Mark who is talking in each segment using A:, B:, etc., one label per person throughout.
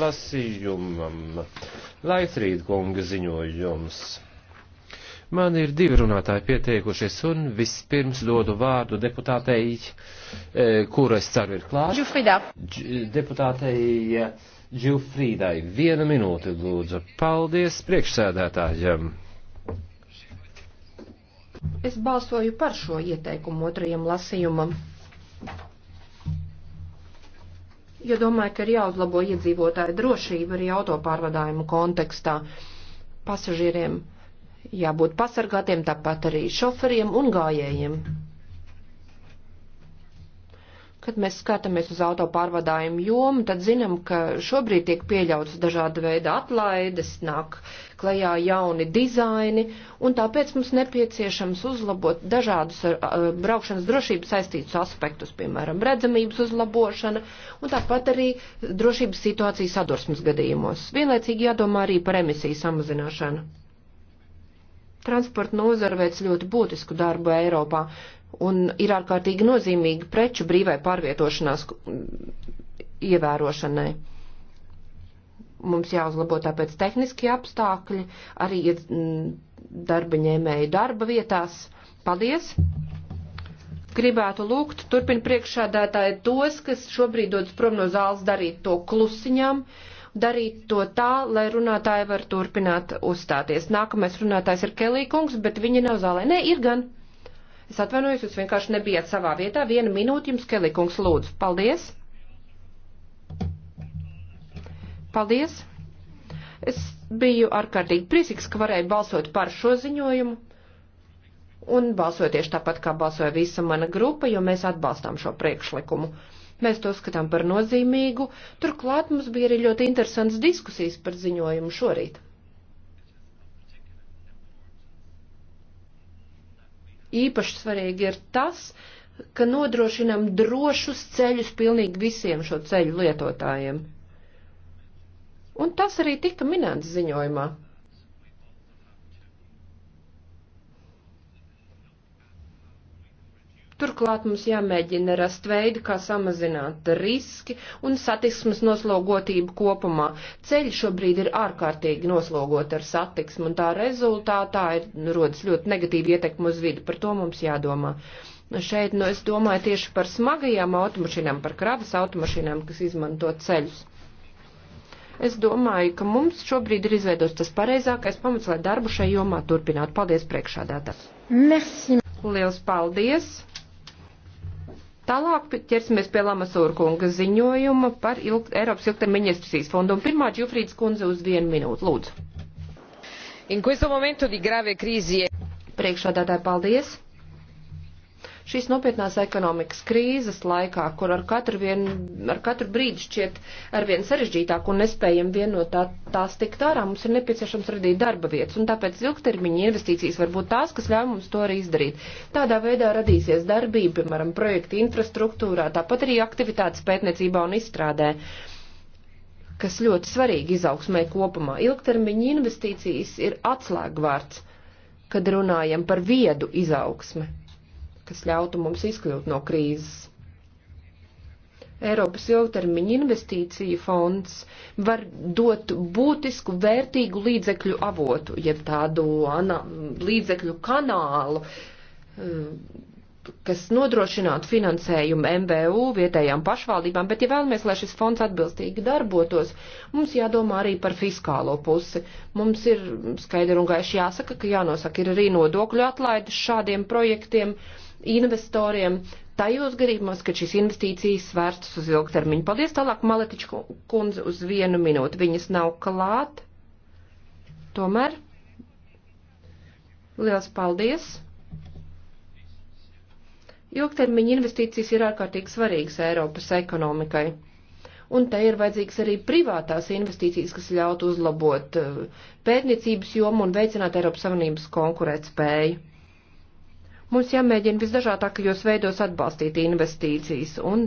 A: lasījumam. Laicrīt, kunga ziņojums. Man ir divi runātāji pieteikušies, un vispirms dodu vārdu deputātei, e, kura es ceru ir klāta. Džufrida. Dž deputātei Džufrīdai. E, Viena minūte, lūdzu. Paldies priekšsēdētājiem.
B: Es balsoju par šo ieteikumu otrajam lasījumam jo domāju, ka ir jāuzlabo iedzīvotāju drošība arī autopārvadājumu kontekstā. Pasažieriem jābūt pasargātiem, tāpat arī šoferiem un gājējiem. Kad mēs skatāmies uz auto pārvadājumu jomu, tad zinām, ka šobrīd tiek pieļautas dažāda veida atlaides, nāk klajā jauni dizaini, un tāpēc mums nepieciešams uzlabot dažādus ar braukšanas drošību saistītus aspektus, piemēram, redzamības uzlabošana, un tāpat arī drošības situācijas sadursmes gadījumos. Vienlaicīgi jādomā arī par emisiju samazināšanu. Transporta nozara veic ļoti būtisku darbu Eiropā un ir ārkārtīgi nozīmīgi preču brīvai pārvietošanās mm, ievērošanai. Mums jāuzlabo tāpēc tehniski apstākļi, arī mm, darba ņēmēju darba vietās. Paldies! Gribētu lūgt, turpin priekšādātāji tos, kas šobrīd dodas prom no zāles, darīt to klusiņām, darīt to tā, lai runātāji var turpināt uzstāties. Nākamais runātājs ir Kelī kungs, bet viņa nav zālē. Nē, ir gan. Es atvainojos, jūs vienkārši nebijat savā vietā. Vienu minūti jums, Kelikungs, lūdzu. Paldies! Paldies! Es biju ārkārtīgi priecīgs, ka varēju balsot par šo ziņojumu un balsot tieši tāpat, kā balsoja visa mana grupa, jo mēs atbalstām šo priekšlikumu. Mēs to skatām par nozīmīgu, turklāt mums bija arī ļoti interesants diskusijas par ziņojumu šorīt. Īpaši svarīgi ir tas, ka nodrošinam drošus ceļus pilnīgi visiem šo ceļu lietotājiem. Un tas arī tika minēts ziņojumā. Turklāt mums jāmēģina rast veidu, kā samazināt riski un satiksmes noslogotību kopumā. Ceļi šobrīd ir ārkārtīgi noslogot ar satiksmu, un tā rezultātā ir nu, rodas ļoti negatīva ietekma uz vidi. Par to mums jādomā. Šeit, nu, es domāju tieši par smagajām automašīnām, par kravas automašīnām, kas izmanto ceļus. Es domāju, ka mums šobrīd ir izveidots tas pareizākais pamats, lai darbu šai jomā turpinātu. Paldies priekšādātā. Merci. Liels paldies. Tālāk ķersimies pie Lamasūra kunga ziņojuma par ilg, Eiropas ilgtermiņa investīcijas fondu. Un pirmā Džufrīdas kundze uz vienu minūtu, lūdzu. In questo momento di grave crisi. E- Priekšādātāji, paldies. Šīs nopietnās ekonomikas krīzes laikā, kur ar katru, vien, ar katru brīdi šķiet arvien sarežģītāk un nespējam vienot tā, tās tikt ārā, mums ir nepieciešams radīt darba vietas, un tāpēc ilgtermiņa investīcijas var būt tās, kas ļauj mums to arī izdarīt. Tādā veidā radīsies darbība, piemēram, projekta infrastruktūrā, tāpat arī aktivitātes pētniecībā un izstrādē kas ļoti svarīgi izaugsmē kopumā. Ilgtermiņa investīcijas ir atslēgvārds, kad runājam par viedu izaugsmi kas ļautu mums izkļūt no krīzes. Eiropas ilgtermiņa investīcija fonds var dot būtisku vērtīgu līdzekļu avotu, jeb tādu ana, līdzekļu kanālu, eh, kas nodrošinātu finansējumu MBU vietējām pašvaldībām, bet ja vēlamies, lai šis fonds atbilstīgi darbotos, mums jādomā arī par fiskālo pusi. Mums ir skaidri un gaiši jāsaka, ka jānosaka ir arī nodokļu atlaides šādiem projektiem. Uh, investoriem tajos gadījumos, kad šīs investīcijas vērstas uz ilgtermiņu. Paldies tālāk, Maletič kundze, uz vienu minūti. Viņas nav klāt. Tomēr. Liels paldies! Ilgtermiņa investīcijas ir ārkārtīgi svarīgas Eiropas ekonomikai. Un te ir vajadzīgs arī privātās investīcijas, kas ļautu uzlabot eh, pētniecības jomu un veicināt Eiropas Savienības konkurētspēju. Mums jāmēģina visdažādākajos veidos atbalstīt investīcijas un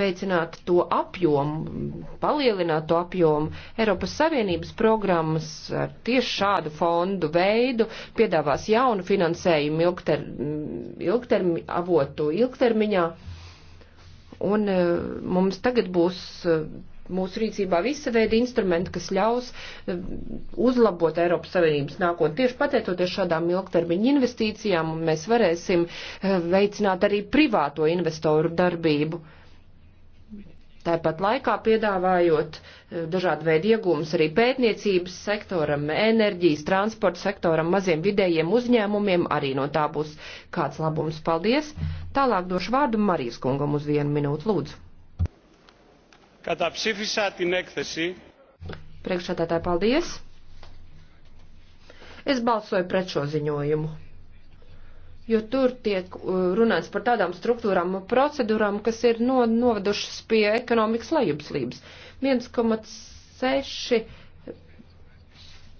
B: veicināt to apjomu, palielināt to apjomu. Eiropas Savienības programmas ar tieši šādu fondu veidu piedāvās jaunu finansējumu ilgter, ilgtermi, avotu ilgtermiņā. Un eh, mums tagad būs eh, mūsu rīcībā visa veida instrumenti, kas ļaus eh, uzlabot Eiropas Savienības nākotni. Tieši pateicoties šādām ilgtermiņa investīcijām, mēs varēsim eh, veicināt arī privāto investoru darbību. Tāpat laikā piedāvājot eh, dažādu veidu iegūmus arī pētniecības sektoram, enerģijas, transporta sektoram, maziem vidējiem uzņēmumiem, arī no tā būs kāds labums. Paldies! Tālāk došu vārdu Marijas kungam uz vienu minūtu lūdzu.
A: Καταψήφισα την έκθεση.
B: Priekšsēdētāji, paldies! Es balsoju pret šo ziņojumu, jo tur tiek uh, runāts par tādām struktūrām un procedūrām, kas ir no, novedušas pie ekonomikas lejupslības. 1,6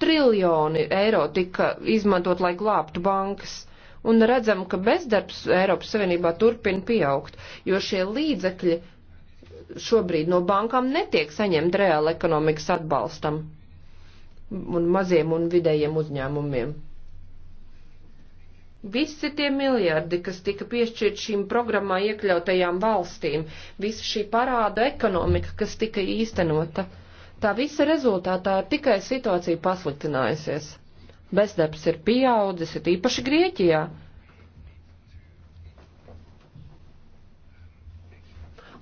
B: triljoni eiro tika izmantot, lai glābtu bankas un redzam, ka bezdarbs Eiropas Savienībā turpina pieaugt, jo šie līdzekļi šobrīd no bankām netiek saņemt reāla ekonomikas atbalstam un maziem un vidējiem uzņēmumiem. Visi tie miljardi, kas tika piešķirt šīm programmā iekļautajām valstīm, visa šī parāda ekonomika, kas tika īstenota, tā visa rezultātā ir tikai situācija pasliktinājusies. Bezdarbs ir pieaudzis, ir īpaši Grieķijā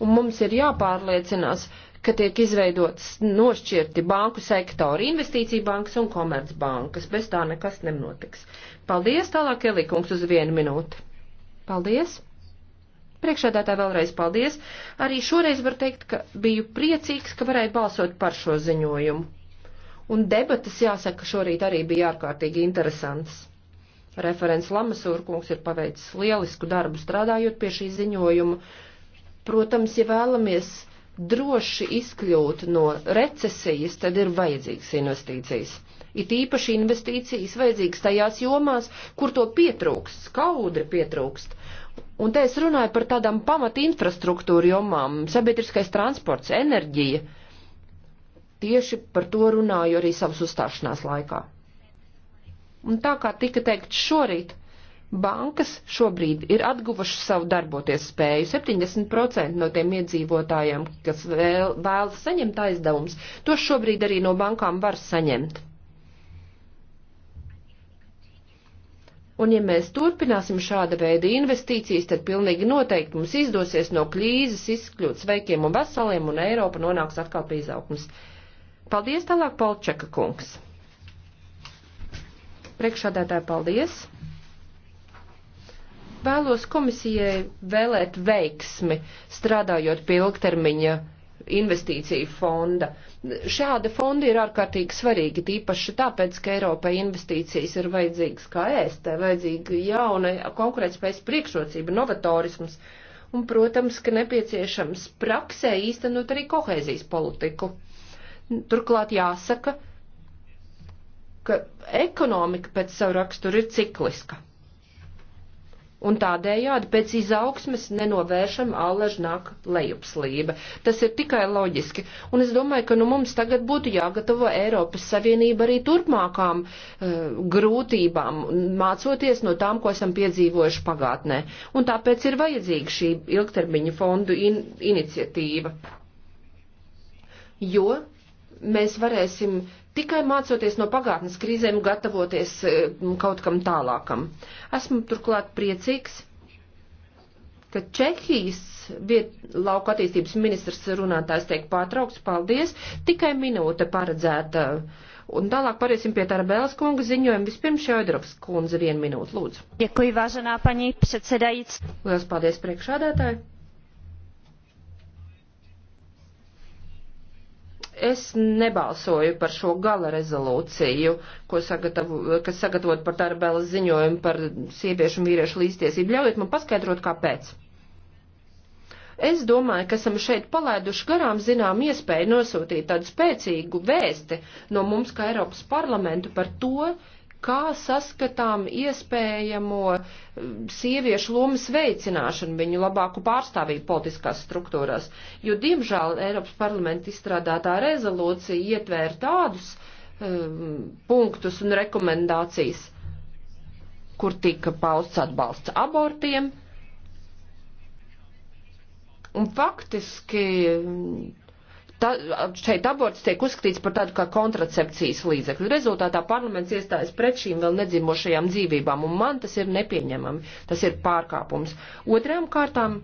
B: un mums ir jāpārliecinās, ka tiek izveidots nošķirti banku sektori, investīcija bankas un komercbankas. Bez tā nekas nenotiks. Paldies, tālāk Elikungs uz vienu minūti. Paldies! Priekšādātā vēlreiz paldies. Arī šoreiz var teikt, ka biju priecīgs, ka varēju balsot par šo ziņojumu. Un debatas, jāsaka, šorīt arī bija ārkārtīgi interesants. Referents Lamasūrkungs ir paveicis lielisku darbu strādājot pie šī ziņojuma Protams, ja vēlamies droši izkļūt no recesijas, tad ir vajadzīgas investīcijas. It īpaši investīcijas vajadzīgas tajās jomās, kur to pietrūkst, skaudri pietrūkst. Un te es runāju par tādām pamat infrastruktūru jomām - sabiedriskais transports, enerģija. Tieši par to runāju arī savas uzstāšanās laikā. Un tā kā tika teikt šorīt, Bankas šobrīd ir atguvušas savu darboties spēju. 70% no tiem iedzīvotājiem, kas vēl, vēlas saņemt aizdevumus, to šobrīd arī no bankām var saņemt. Un ja mēs turpināsim šāda veida investīcijas, tad pilnīgi noteikti mums izdosies no krīzes izkļūt sveikiem un veseliem, un Eiropa nonāks atkal pie izaugsmas. Paldies tālāk, Palčeka kungs. Priekšādētāji, paldies! Vēlos komisijai vēlēt veiksmi, strādājot pie ilgtermiņa investīciju fonda. Šādi fondi ir ārkārtīgi svarīgi, tīpaši tāpēc, ka Eiropai investīcijas ir vajadzīgas kā ēstē, vajadzīga jauna konkurētspējas priekšrocība, novatorisms. Un, protams, ka nepieciešams praksē īstenot arī kohēzijas politiku. Turklāt jāsaka, ka ekonomika pēc savu raksturu ir cikliska un tādējādi pēc izaugsmes nenovēršam allaž nāk lejupslība. Tas ir tikai loģiski, un es domāju, ka nu mums tagad būtu jāgatavo Eiropas Savienība arī turpmākām uh, grūtībām, mācoties no tām, ko esam piedzīvojuši pagātnē. Un tāpēc ir vajadzīga šī ilgtermiņa fondu in iniciatīva. Jo mēs varēsim uh, tikai mācoties no pagātnes krīzēm, gatavoties e, kaut kam tālākam. Esmu turklāt priecīgs, ka Čehijas viet, lauka attīstības ministrs runātājs tiek pārtraukts. Paldies! Tikai minūte paredzēta. Un tālāk pāriesim pie Tarabēlas kunga ziņojuma. Vispirms Šaidrovs kundze vienu minūtu, lūdzu. Děkuji, vážená paní předsedajíc. Lielas paldies priekšādātāji. Es nebalsoju par šo gala rezolūciju, sagatavo, kas sagatavot par Tarbēlas ziņojumu par sieviešu un vīriešu līdztiesību. Ļaujiet man paskaidrot, kāpēc. Es domāju, ka esam šeit palaiduši garām zinām iespēju nosūtīt tādu spēcīgu vēsti no mums, kā Eiropas parlamentu, par to, kā saskatām iespējamo eh, sieviešu lomas veicināšanu, viņu labāku pārstāvību politiskās struktūrās. Jo, diemžēl, Eiropas parlamenta izstrādātā rezolūcija ietvēra tādus um, punktus un rekomendācijas, kur tika pausts atbalsts abortiem. Un faktiski ta, šeit aborts tiek uzskatīts par tādu kā kontracepcijas līdzekļu. Rezultātā parlaments iestājas pret šīm vēl nedzīvošajām dzīvībām, un man tas ir nepieņemami. Tas ir pārkāpums. Otrām kārtām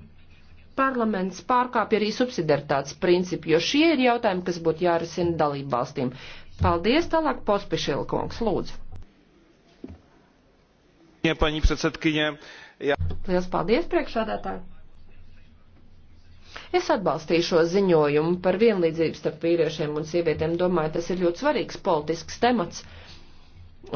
B: parlaments pārkāpja arī subsidiaritātes principu, jo šie ir jautājumi, kas būtu jārisina dalību valstīm. Paldies, tālāk Pospišila kungs, lūdzu.
A: Ja, paņi, ja.
B: Liels paldies, priekšādātāji! Es atbalstīju šo ziņojumu par vienlīdzību starp vīriešiem un sievietēm. Domāju, tas ir ļoti svarīgs politisks temats.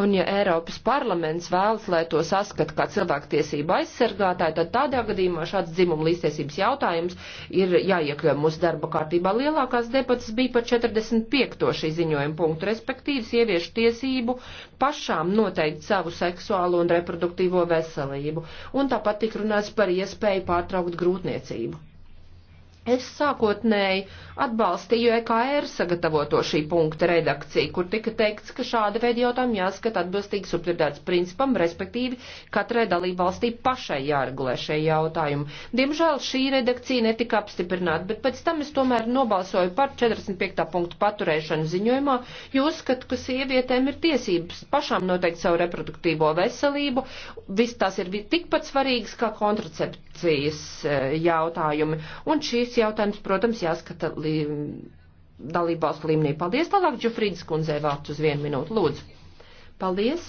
B: Un ja Eiropas parlaments vēlas, lai to saskat kā cilvēktiesību aizsargātāju, tad tādā gadījumā šāds dzimuma līdztiesības jautājums ir jāiekļauj mūsu darba kārtībā. Lielākās debatas bija par 45. šī ziņojuma punktu, respektīvi sieviešu tiesību pašām noteikt savu seksuālo un reproduktīvo veselību. Un tāpat tik runāts par iespēju pārtraukt grūtniecību. Es sākotnēji atbalstīju EKR sagatavoto šī punkta redakciju, kur tika teikts, ka šāda veida jautājumi jāskata atbilstīgi subsidētas principam, respektīvi katrai dalībvalstī pašai jāregulē šie jautājumi. Diemžēl šī redakcija netika apstiprināta, bet pēc tam es tomēr nobalsoju par 45. punktu paturēšanu ziņojumā, jo uzskatu, ka sievietēm ir tiesības pašām noteikt savu reproduktīvo veselību. Viss tās ir tikpat svarīgas kā kontracepcijas e, jautājumi. Un šīs šis jautājums, protams, jāskata li, dalībvalstu līmenī. Paldies, tālāk Džufrīdas kundzei vārds uz vienu minūtu, lūdzu. Paldies.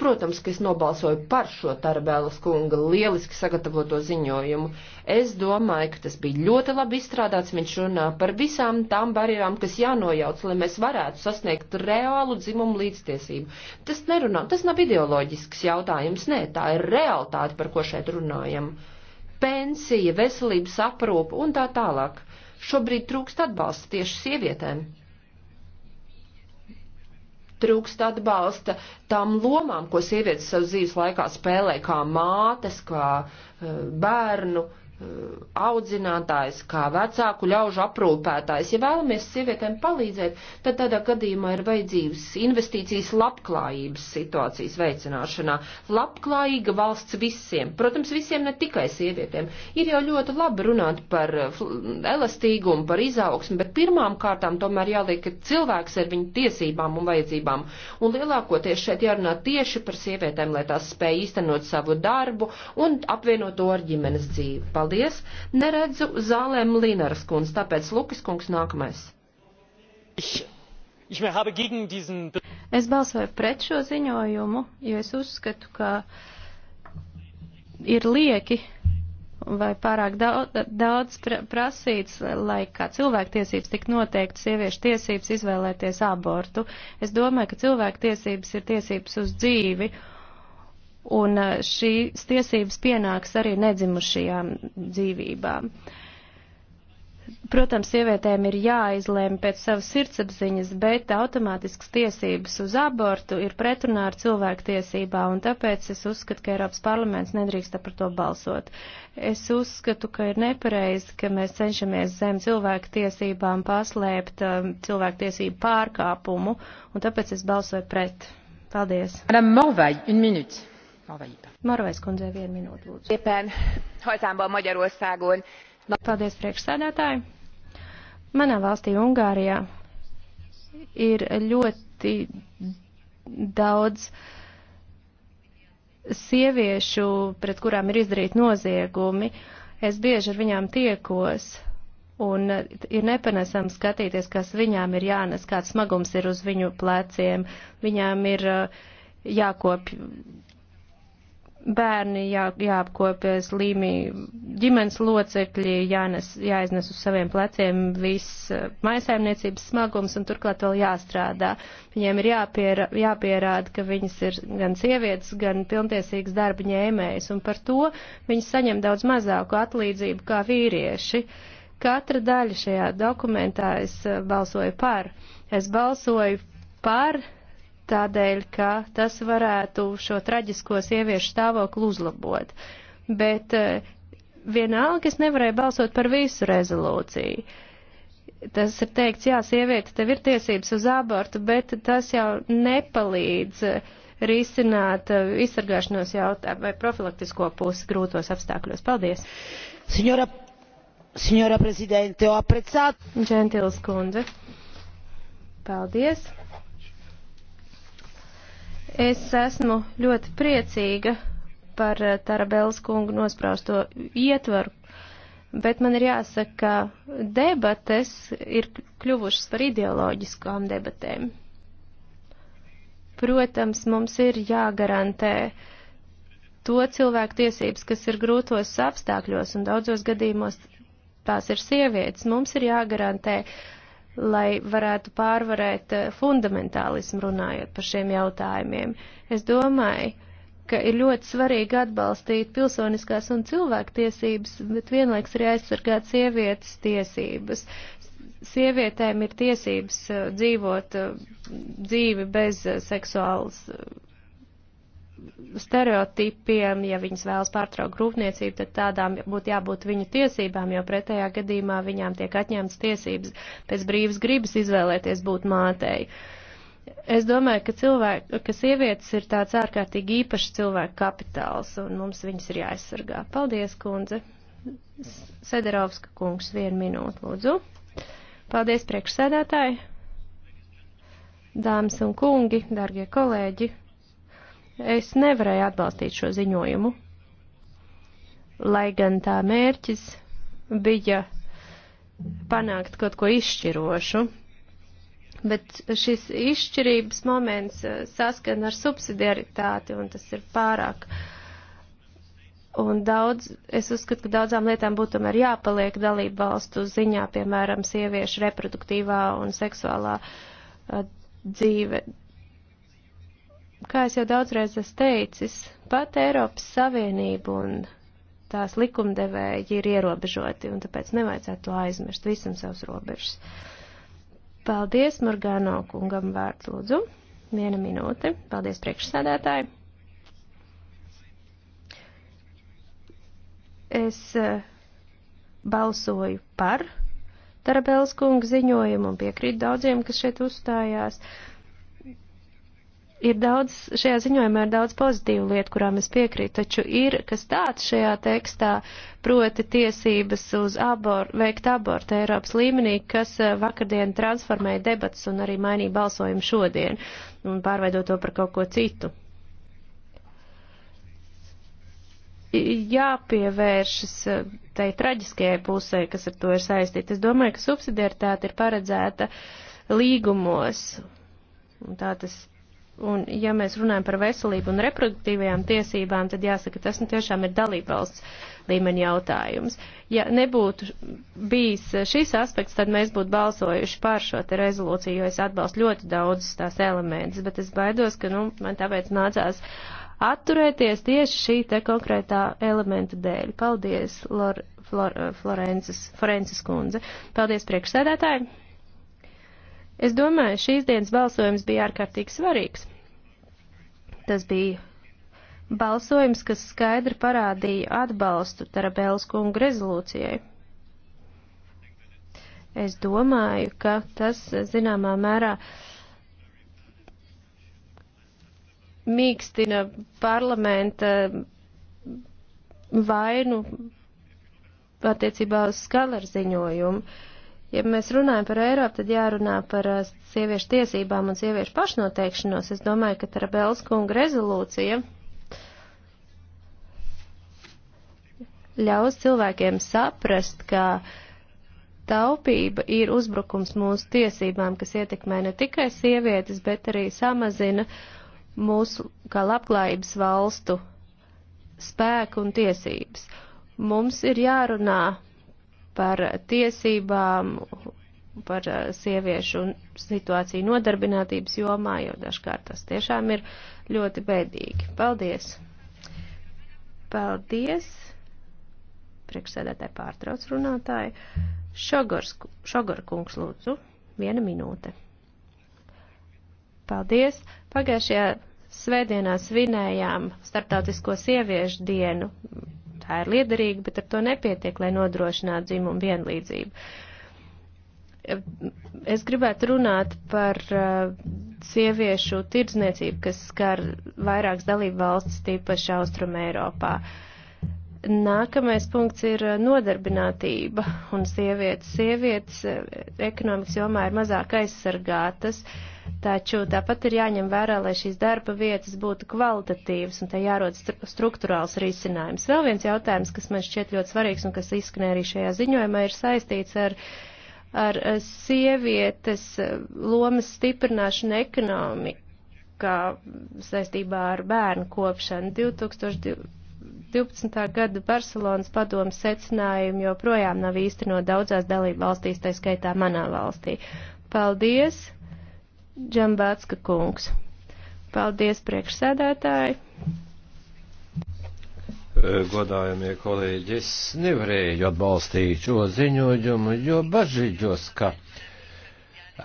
B: Protams, ka es nobalsoju par šo Tarabēlas kunga lieliski sagatavoto ziņojumu. Es domāju, ka tas bija ļoti labi izstrādāts. Viņš runā par visām tām barjerām, kas jānojauc, lai mēs varētu sasniegt reālu dzimumu līdztiesību. Tas nerunā, tas nav ideoloģisks jautājums, nē, tā ir realitāte, par ko šeit runājam. Uh, pensija, veselības aprūpa un tā tālāk. Šobrīd trūkst atbalsta tieši sievietēm. Trūkst atbalsta tām lomām, ko sievietes savu dzīves laikā spēlē, kā mātes, kā eh, bērnu audzinātājs, kā vecāku ļaužu aprūpētājs. Ja vēlamies sievietēm palīdzēt, tad tādā gadījumā ir vajadzības investīcijas labklājības situācijas veicināšanā. Labklājīga valsts visiem, protams, visiem ne tikai sievietēm. Ir jau ļoti labi runāt par eh, elastīgumu, par izaugsmu, bet pirmām kārtām tomēr jāliek, ka cilvēks ar viņu tiesībām un vajadzībām. Un lielākoties šeit jārunā tieši par sievietēm, lai tās spēj īstenot savu darbu un apvienot to ar ģimenes dzīvi. Paldies! Paldies! Neredzu zālēm Linaras kundz, tāpēc Lukas kungs nākamais.
C: Es balsoju pret šo ziņojumu, jo es uzskatu, ka ir lieki vai pārāk daudz, daudz prasīts, lai kā cilvēktiesības tik noteikti sieviešu tiesības izvēlēties abortu. Es domāju, ka cilvēktiesības ir tiesības uz dzīvi un uh, šīs tiesības pienāks arī nedzimušajām dzīvībām. Protams, sievietēm ir jāizlēma pēc savas sirdsapziņas, bet automātisks tiesības uz abortu ir pretrunā ar cilvēku tiesībā, un tāpēc es uzskatu, ka Eiropas parlaments nedrīkst par to balsot. Es uzskatu, ka ir nepareizi, ka mēs cenšamies zem cilvēku tiesībām paslēpt um, cilvēku tiesību pārkāpumu, un tāpēc es balsoju pret. Paldies. Madame Morvai, une minūte. Marvais kundze, vienu minūtu lūdzu. Éppen
B: hazámban Magyarországon. Paldies priekšsēdētāji.
C: Manā valstī Ungārijā ir ļoti daudz sieviešu, pret kurām ir izdarīti noziegumi. Es bieži ar viņām tiekos, un ir nepanesam skatīties, kas viņām ir jānes, kāds smagums ir uz viņu pleciem. Viņām ir jākopj bērni jā, jāapkopjas līmī, ģimenes locekļi jānes, jāiznes uz saviem pleciem viss eh, maisaimniecības smagums un turklāt vēl jāstrādā. Viņiem ir jāpiera, jāpierāda, ka viņas ir gan sievietes, gan pilntiesīgas darba ņēmējas un par to viņas saņem daudz mazāku atlīdzību kā vīrieši. Katra daļa šajā dokumentā es eh, balsoju par. Es balsoju par tādēļ, ka tas varētu šo traģisko sieviešu stāvokli uzlabot. Bet eh, vienalga es nevarēju balsot par visu rezolūciju. Tas ir teikts, jā, sieviete, tev ir tiesības uz abortu, bet tas jau nepalīdz risināt eh, izsargāšanos jautājumu vai profilaktisko pusi grūtos apstākļos. Paldies! Signora, signora Presidente, ho apprezzato. Gentils kundze, paldies! Es esmu ļoti priecīga par eh, Tarabels kungu nospraustu ietvaru, bet man ir jāsaka, ka debates ir kļuvušas par ideoloģiskām debatēm. Protams, mums ir jāgarantē to cilvēku tiesības, kas ir grūtos apstākļos, un daudzos gadījumos tās ir sievietes. Mums ir jāgarantē uh, lai varētu pārvarēt eh, fundamentālismu runājot par šiem jautājumiem. Es domāju, ka ir ļoti svarīgi atbalstīt pilsoniskās un cilvēktiesības, bet vienlaiks arī aizsargāt sievietes tiesības. Sievietēm ir tiesības eh, dzīvot eh, dzīvi bez seksuālas stereotipiem, ja viņas vēlas pārtraukt grūpniecību, tad tādām būtu jābūt viņu tiesībām, jo pretējā gadījumā viņām tiek atņemtas tiesības pēc brīvas gribas izvēlēties būt mātei. Es domāju, ka, cilvēki, ka sievietes ir tāds ārkārtīgi īpašs cilvēku kapitāls, un mums viņas ir jāaizsargā. Paldies, kundze! Sederovska kungs, vienu minūtu, lūdzu. Paldies, priekšsēdētāji! Dāmas un kungi, darbie kolēģi! Es nevarēju atbalstīt šo ziņojumu, lai gan tā mērķis bija panākt kaut ko izšķirošu. Bet šis izšķirības moments eh, saskana ar subsidiaritāti, un tas ir pārāk. Un daudz, es uzskatu, ka daudzām lietām būtu tomēr jāpaliek dalību valstu ziņā, piemēram, sieviešu reproduktīvā un seksuālā eh, dzīve, kā es jau daudzreiz esmu teicis, pat Eiropas Savienība un tās likumdevēji ir ierobežoti, un tāpēc nevajadzētu to aizmirst visam savus robežas. Paldies, Morgāno kungam vārds lūdzu. Viena minūte. Paldies, priekšsēdētāji. Es eh, balsoju par Tarabels kunga ziņojumu un piekrītu daudziem, kas šeit uzstājās. Uh, ir daudz, šajā ziņojumā ir daudz pozitīvu lietu, kurām es piekrītu, taču ir kas tāds šajā tekstā, proti tiesības uz abor, veikt abortu Eiropas līmenī, kas eh, vakardien transformēja debats un arī mainīja balsojumu šodien un pārveidot to par kaut ko citu. Jāpievēršas eh, tai traģiskajai pusē, kas ar to ir saistīta. Es domāju, ka subsidiaritāte ir paredzēta līgumos, un tā tas Un, ja mēs runājam par veselību un reproduktīvajām tiesībām, tad jāsaka, tas nu, tiešām ir dalībvalsts līmeņa jautājums. Ja nebūtu bijis šis aspekts, tad mēs būtu balsojuši par šo te rezolūciju, jo es atbalstu ļoti daudzus tās elementus, bet es baidos, ka, nu, man tāpēc nācās atturēties tieši šī te konkrētā elementa dēļ. Paldies, Lor, Flor, eh, Florences, Florences kundze. Paldies, priekšsēdētāji! Es domāju, šīs dienas balsojums bija ārkārtīgi svarīgs. Tas bija balsojums, kas skaidri parādīja atbalstu Tarabēlas kunga rezolūcijai. Es domāju, ka tas zināmā mērā mīkstina parlamenta vainu attiecībā uz skaleru ziņojumu. Ja mēs runājam par Eiropu, tad jārunā par uh, sieviešu tiesībām un sieviešu pašnoteikšanos. Es domāju, ka Tarabels kunga rezolūcija ļaus cilvēkiem saprast, ka taupība ir uzbrukums mūsu tiesībām, kas ietekmē ne tikai sievietes, bet arī samazina mūsu kā labklājības valstu spēku un tiesības. Mums ir jārunā par tiesībām, par eh, sieviešu situāciju nodarbinātības jomā, jo dažkārt tas tiešām ir ļoti bēdīgi. Paldies! Paldies! Priekšsēdētāji pārtrauc runātāji. Šogors, šogor kungs lūdzu, viena minūte. Paldies! Pagājušajā svētdienā svinējām Startautisko sieviešu dienu tā ir liederīga, bet ar to nepietiek, lai nodrošinātu dzimumu vienlīdzību. Es gribētu runāt par uh, sieviešu tirdzniecību, kas skar vairākas dalību valstis, tīpaši Austrum Eiropā. Uh, Nākamais punkts ir nodarbinātība un sievietes. Sievietes ekonomikas jomā ir mazāk aizsargātas, taču tāpat ir jāņem vērā, lai šīs darba vietas būtu kvalitatīvas un te jārod struktūrāls risinājums. Vēl viens jautājums, kas man šķiet ļoti svarīgs un kas izskanē arī šajā ziņojumā, ir saistīts ar, ar sievietes lomas stiprināšanu ekonomikā saistībā ar bērnu kopšanu 2020 12. gada Barcelonas padomu secinājumi joprojām nav īstenot daudzās dalību valstīs, tā skaitā manā valstī. Paldies, Džambātska kungs. Paldies, priekšsēdētāji.
A: Godājamie kolēģi, es nevarēju atbalstīt šo ziņojumu, jo bažīģos, ka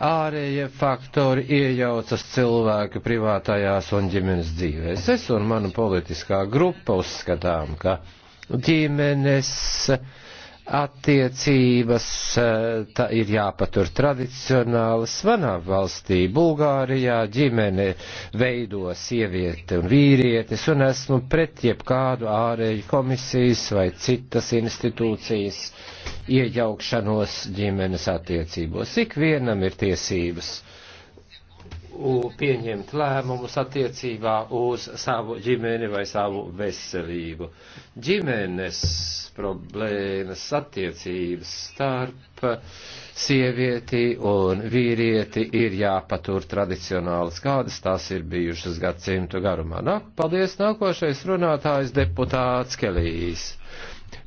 A: ārējie faktori iejaucas cilvēku privātajās un ģimenes dzīvēs. Es un mana politiskā grupa uzskatām, ka ģimenes uh, attiecības eh, tā ir jāpatur tradicionālas. Manā valstī, Bulgārijā, ģimene veido sievieti un vīrietis, un esmu pret jebkādu ārēju komisijas vai citas institūcijas iejaukšanos ģimenes attiecībos. Ik vienam ir tiesības pieņemt lēmumus attiecībā uz savu ģimeni vai savu veselību. Ģimenes problēmas attiecības starp sievieti un vīrieti ir jāpatur tradicionāls, kādas tās ir bijušas gadsimtu garumā. Nāk, paldies, nākošais runātājs deputāts Kelīs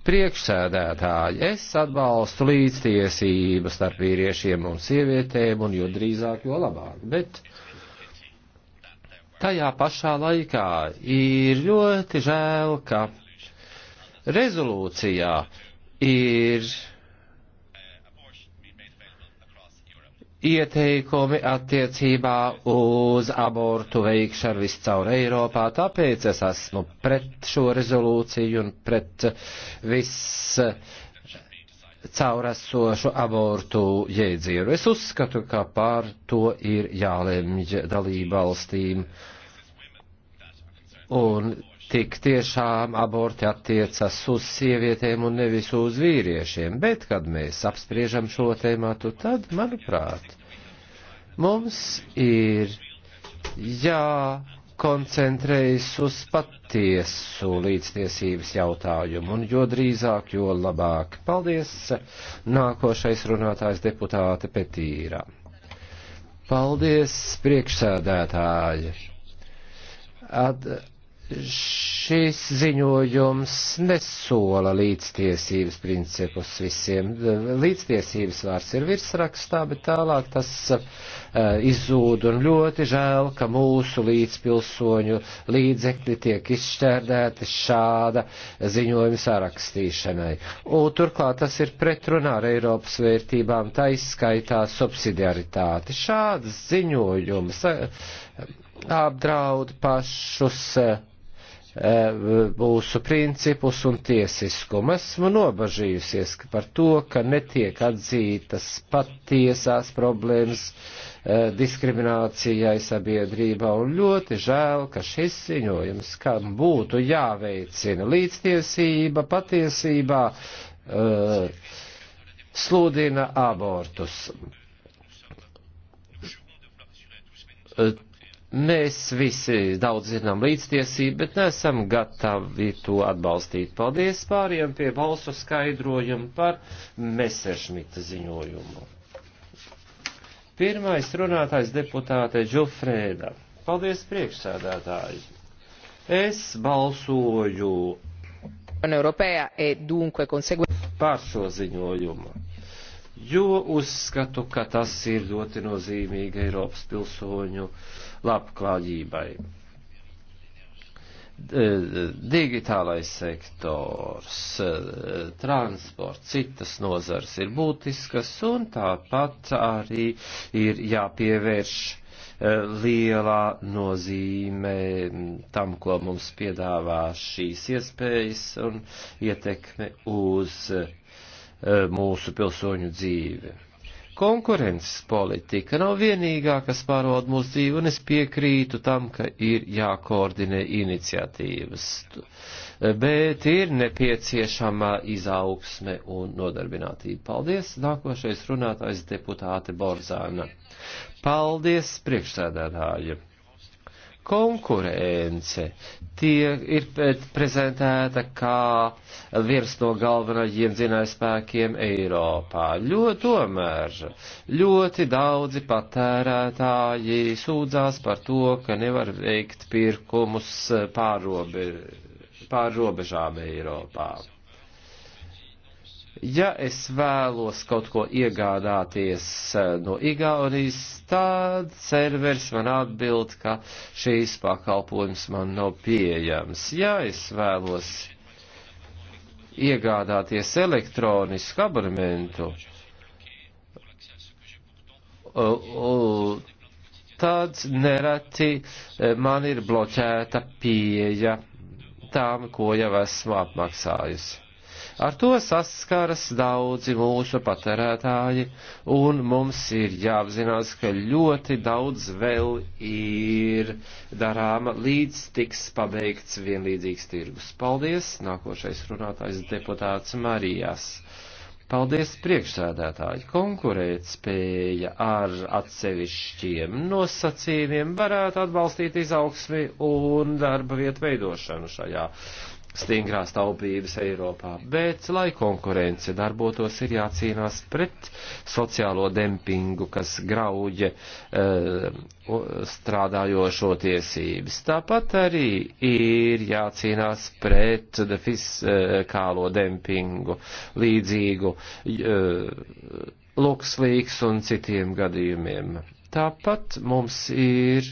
A: priekšsēdētāji, es atbalstu līdztiesību starp vīriešiem un sievietēm, un jo drīzāk, jo labāk. Bet tajā pašā laikā ir ļoti žēl, ka rezolūcijā ir ieteikumi attiecībā uz abortu veikšanu viscaur Eiropā, tāpēc es esmu pret šo rezolūciju un pret viss caur esošu abortu jēdzienu. Es uzskatu, ka pār to ir jālemj dalību valstīm. Un tik tiešām aborti attiecas uz sievietēm un nevis uz vīriešiem, bet kad mēs apspriežam šo tēmātu, tad, manuprāt, mums ir jākoncentrējas uz patiesu līdztiesības jautājumu, un jo drīzāk, jo labāk. Paldies, nākošais runātājs deputāte Petīrā. Paldies, priekšsēdētāji! Ad, šīs ziņojums nesola līdztiesības principus visiem. Līdztiesības vārds ir virsrakstā, bet tālāk tas uh, izzūd un ļoti žēl, ka mūsu līdzpilsoņu līdzekļi tiek izšķērdēti šāda ziņojuma sarakstīšanai. Un turklāt tas ir pretrunā ar Eiropas vērtībām, taiskaitā subsidiaritāti. Šādas ziņojumas uh, apdraud pašus uh, Eh, mūsu principus un tiesiskumu. Esmu nobažījusies par to, ka netiek atzītas patiesās problēmas eh, diskriminācijai sabiedrībā un ļoti žēl, ka šis ziņojums, kam būtu jāveicina līdztiesība patiesībā, eh, sludina abortus Mēs visi daudz zinām līdztiesību, bet nesam gatavi to atbalstīt. Paldies pāriem pie balsu skaidrojumu par Mesešmita ziņojumu. Pirmais runātājs deputāte Džufrēda. Paldies priekšsēdētāji. Es balsoju e, par šo ziņojumu, jo uzskatu, ka tas ir ļoti nozīmīgi Eiropas pilsoņu uh, labklājībai. Digitālais sektors, transports, citas nozars ir būtiskas un tāpat arī ir jāpievērš e, lielā nozīme tam, ko mums piedāvā šīs iespējas un ietekme uz e, mūsu pilsoņu dzīvi. Konkurences politika nav vienīgā, kas pārvalda mūsu dzīvi, un es piekrītu tam, ka ir jākoordinē iniciatīvas, bet ir nepieciešama izaugsme un nodarbinātība. Paldies! Nākošais runātājs deputāte Borzāna. Paldies, priekšsēdētāji! konkurence tie ir prezentēta kā viens no galvenajiem dzinējspēkiem Eiropā. Ļoti tomēr ļoti daudzi patērētāji sūdzās par to, ka nevar veikt pirkumus pārrobe, pārrobežām Eiropā. Ja es vēlos kaut ko iegādāties eh, no Igaunijas, tad serveris man atbild, ka šīs pakalpojums man nav pieejams. Ja es vēlos iegādāties elektronisku abonementu, tad nereti eh, man ir bloķēta pieeja tām, ko jau esmu apmaksājusi. Ar to saskaras daudzi mūsu patērētāji, un mums ir jāapzinās, ka ļoti daudz vēl ir darāma, līdz tiks pabeigts vienlīdzīgs tirgus. Paldies! Nākošais runātājs deputāts Marijas. Paldies priekšsēdētāji, konkurētspēja ar atsevišķiem nosacījumiem varētu atbalstīt izaugsmi un darba vietu veidošanu šajā stingrās taupības Eiropā, bet, lai konkurence darbotos, ir jācīnās pret sociālo dempingu, kas grauja e, eh, strādājošo tiesības. Tāpat arī ir jācīnās pret fiskālo dempingu, līdzīgu e, eh, lukslīgs un citiem gadījumiem. Tāpat mums ir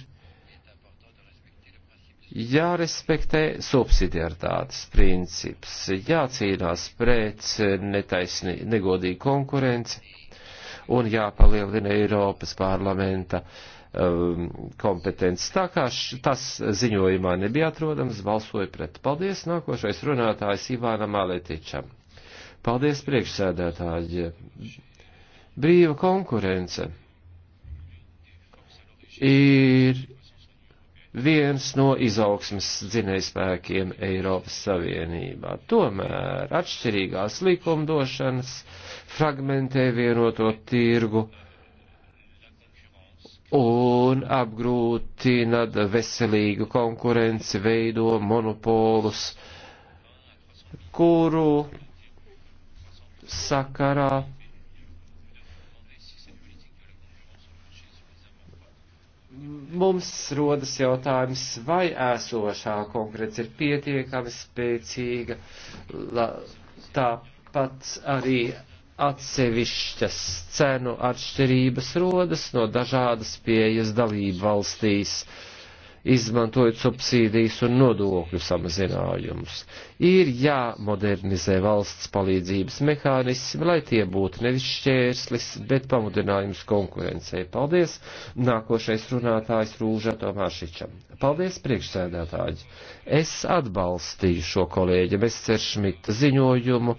A: jārespektē subsidiartātes princips, jācīnās pret netaisni, negodīgu konkurenci un jāpalielina Eiropas parlamenta um, kompetences. Tā kā š, tas ziņojumā nebija atrodams, balsoju pret. Paldies, nākošais runātājs Ivāna Maletičam. Paldies, priekšsēdētāji. Brīva konkurence ir viens no izaugsmes dzinējspēkiem Eiropas Savienībā. Tomēr atšķirīgās likumdošanas fragmentē vienoto tirgu un apgrūtina veselīgu konkurenci, veido monopolus, kuru sakarā mums rodas jautājums, vai esošā konkurence ir pietiekami spēcīga, la, tāpat arī atsevišķas cenu atšķirības rodas no dažādas pieejas dalību valstīs. Uh, izmantojot subsīdijas un nodokļu samazinājumus. Ir jāmodernizē valsts palīdzības mehānismi, lai tie būtu nevis šķērslis, bet pamudinājums konkurencei. Paldies! Nākošais runātājs Rūža Tomāšičam. Paldies, priekšsēdētāji! Es atbalstīju šo kolēģi Messeršmita ziņojumu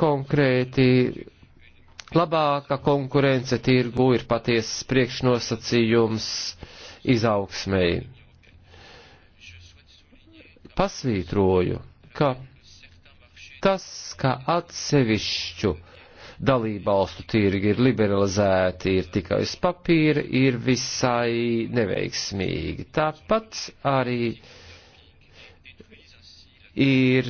A: konkrēti labāka konkurence tirgu ir patiesas priekšnosacījums izaugsmēji. Pasvītroju, ka tas, ka atsevišķu dalībvalstu tirgi ir liberalizēti, ir tikai uz papīra, ir visai neveiksmīgi. Tāpat arī ir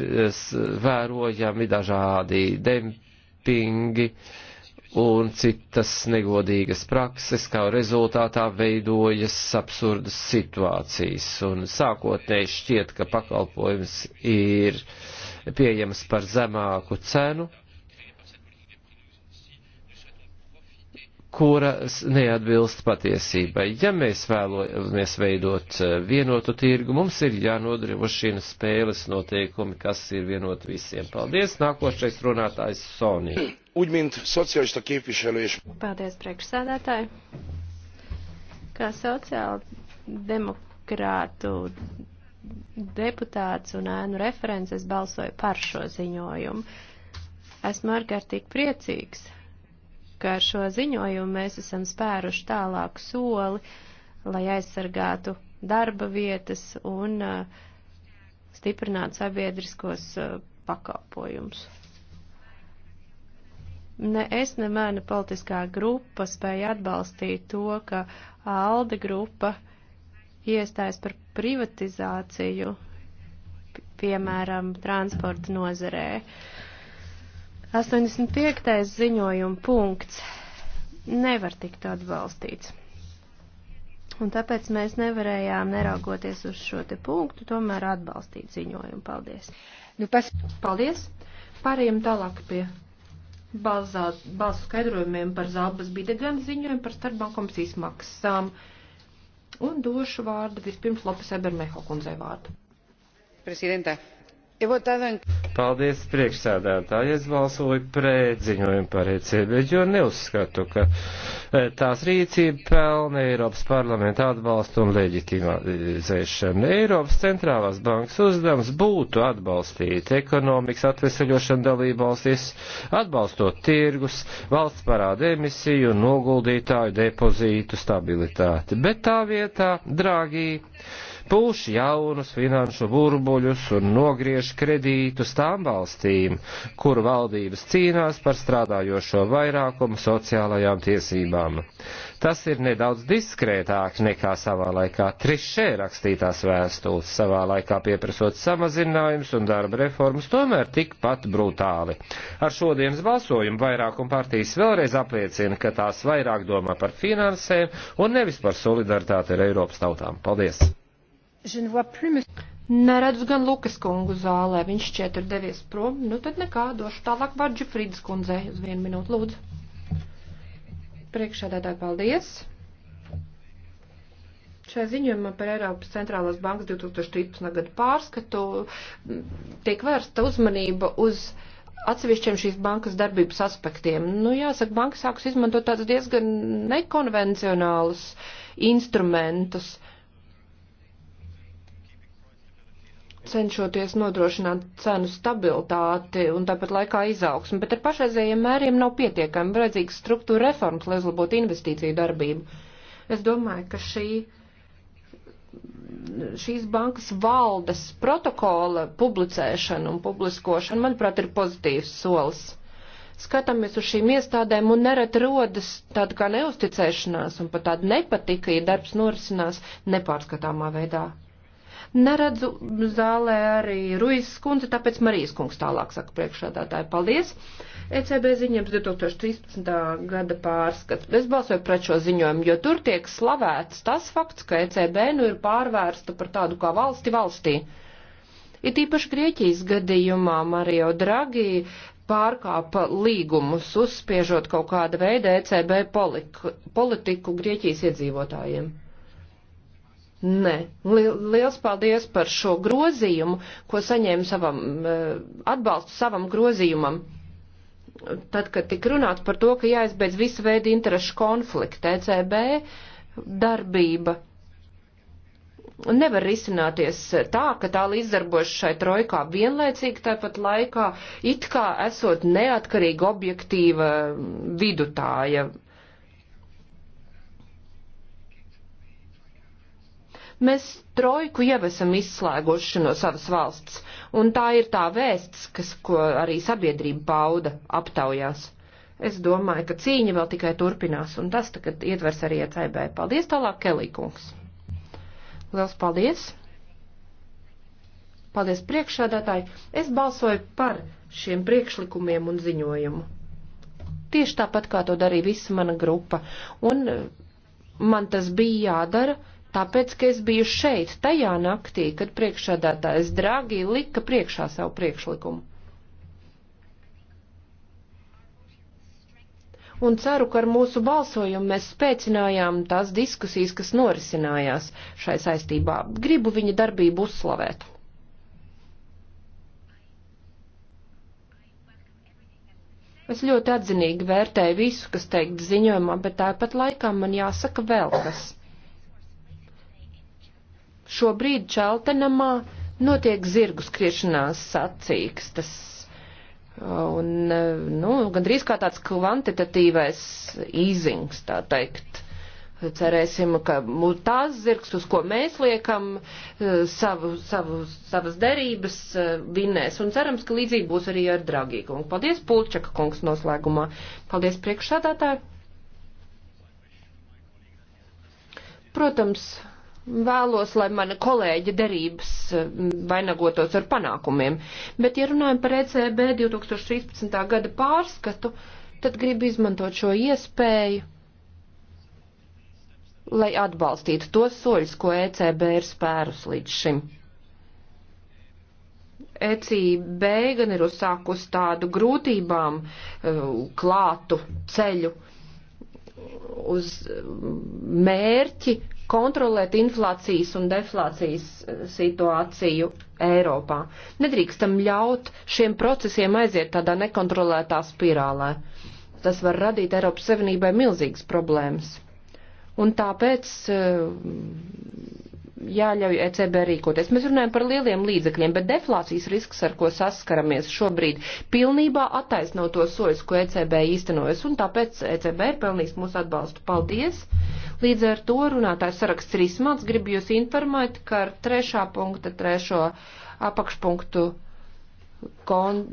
A: vērojami dažādi dempingi, uh, un citas negodīgas prakses, kā rezultātā veidojas absurdas situācijas. Un sākotnēji šķiet, ka pakalpojums ir pieejams par zemāku cenu, kuras neatbilst patiesībai. Ja mēs vēlamies veidot e, vienotu tirgu, mums ir jānodrošina spēles noteikumi, kas ir vienot visiem. Paldies! Nākošais runātājs Sonija úgy mint szocialista képviselő és.
C: Paldies, priekšsēdētāji. Kā sociāldemokrātu deputāts un ēnu referents es balsoju par šo ziņojumu. Esmu ārkārtīgi priecīgs, ka ar šo ziņojumu mēs esam spēruši tālāku soli, lai aizsargātu darba vietas un uh, stiprinātu sabiedriskos uh, pakalpojumus. Ne es, ne mana politiskā grupa spēja atbalstīt to, ka ALDE grupa iestājas par privatizāciju, piemēram, transporta nozarē. 85. ziņojuma punkts nevar tikt atbalstīts. Un tāpēc mēs nevarējām, neraugoties uz šo te punktu, tomēr atbalstīt ziņojumu. Paldies! Nu, pas... Paldies!
B: Pārējiem tālāk pie Balzā, balsu skaidrojumiem par zābas bidegan ziņojumu par starpbankoms izmaksām. Un došu vārdu vispirms Lopes Ebermeho kundzei vārdu. Presidenta,
A: Paldies priekšsēdētāji, es balsoju pret ziņojumu par ECB, jo neuzskatu, ka e, tās rīcība pelna Eiropas parlamenta atbalstu un leģitimizēšanu. Eiropas centrālās bankas uzdevums būtu atbalstīt ekonomikas atveseļošanu dalībvalstīs, atbalstot tirgus, valsts parāda emisiju un noguldītāju depozītu stabilitāti. Bet tā vietā, drāgī, pūš jaunus finanšu burbuļus un nogriež kredītus tām valstīm, kur valdības cīnās par strādājošo vairākumu sociālajām tiesībām. Tas ir nedaudz diskrētāk nekā savā laikā trišē rakstītās vēstules, savā laikā pieprasot samazinājums un darba reformas, tomēr tikpat brutāli. Ar šodienas balsojumu vairākuma partijas vēlreiz apliecina, ka tās vairāk domā par finansēm un nevis par solidaritāti ar Eiropas tautām. Paldies!
B: Neredzu gan Lukas kungu zālē, viņš šķiet ir devies prom, nu tad nekā, došu tālāk Vardži Frīdas kundzei uz vienu minūtu lūdzu. Priekšādātāji, paldies! Šajā ziņojumā par Eiropas centrālās bankas 2013. gadu pārskatu tiek vērsta uzmanība uz atsevišķiem šīs bankas darbības aspektiem. Nu, jāsaka, banka sāks izmantot tādus diezgan nekonvencionālus instrumentus. Uh, cenšoties nodrošināt cenu stabilitāti un tāpat laikā izaugsmu, bet ar pašreizējiem mēriem nav pietiekami vajadzīgas struktūra reformas, lai uzlabotu investīciju darbību. Es domāju, ka šī, šīs bankas valdes protokola publicēšana un publiskošana, manuprāt, ir pozitīvs solis skatāmies uz šīm iestādēm un nereti rodas tāda kā neusticēšanās un pat tāda nepatika, ja darbs norisinās nepārskatāmā veidā. Neredzu zālē arī Ruijas kundze, tāpēc Marijas kungs tālāk saka priekšādātāji. Paldies! ECB ziņojums 2013. gada pārskats. Es balsoju pret šo ziņojumu, jo tur tiek slavēts tas fakts, ka ECB nu ir pārvērsta par tādu kā valsti valstī. It īpaši Grieķijas gadījumā Mario Draghi pārkāpa līgumus, uzspiežot kaut kāda veida ECB politiku, politiku Grieķijas iedzīvotājiem. Nē. Liels paldies par šo grozījumu, ko saņēmu savam, eh, atbalstu savam grozījumam. Tad, kad tik runāts par to, ka jāizbeidz visu veidu interešu konfliktu, ECB darbība nevar risināties tā, ka tā līdzdarbojas šai trojkā vienlaicīgi, tāpat laikā it kā esot neatkarīga objektīva vidutāja Mēs trojku jau esam izslēguši no savas valsts, un tā ir tā vēsts, kas, ko arī sabiedrība pauda aptaujās. Es domāju, ka cīņa vēl tikai turpinās, un tas tagad ietvers arī ECB. Paldies tālāk, Kelīkungs. Liels paldies! Paldies priekšsēdētāji! Es balsoju par šiem priekšlikumiem un ziņojumu. Tieši tāpat, kā to darīja visa mana grupa. Un eh, man tas bija jādara, Tāpēc, ka es biju šeit tajā naktī, kad priekšādātājs Dragi lika priekšā savu priekšlikumu. Un ceru, ka ar mūsu balsojumu mēs spēcinājām tās diskusijas, kas norisinājās šai saistībā. Gribu viņa darbību uzslavēt. Es ļoti atzinīgi vērtēju visu, kas teikt ziņojumā, bet tāpat laikā man jāsaka vēl kas. Šobrīd Čaltenamā notiek zirgu skriešanās sacīkstas. Un, nu, gandrīz kā tāds kvantitatīvais īzings, tā teikt. Cerēsim, ka tās zirgs, uz ko mēs liekam eh, savu, savu, savas derības, eh, vinnēs. Un cerams, ka līdzīgi būs arī ar Dragīgu. Un paldies Pulčaka kungs noslēgumā. Paldies priekšsādātāji. Protams, Vēlos, lai mana kolēģa derības vainagotos ar panākumiem, bet, ja runājam par ECB 2013. gada pārskatu, tad gribu izmantot šo iespēju, lai atbalstītu tos soļus, ko ECB ir spērus līdz šim. ECB gan ir uzsākusi tādu grūtībām e, klātu ceļu uz mērķi, kontrolēt inflācijas un deflācijas eh, situāciju Eiropā. Nedrīkstam ļaut šiem procesiem aiziet tādā nekontrolētā spirālē. Tas var radīt Eiropas Savienībai milzīgas problēmas. Un tāpēc eh, jāļauj ECB rīkoties. Mēs runājam par lieliem līdzekļiem, bet deflācijas risks, ar ko saskaramies šobrīd, pilnībā attaisno tos soļus, ko ECB īstenojas, un tāpēc ECB ir pelnījis mūsu atbalstu. Paldies! Līdz ar to runātājs saraksts ir izsmāts. Gribu jūs informēt, ka ar
A: trešā punkta, trešo apakšpunktu kon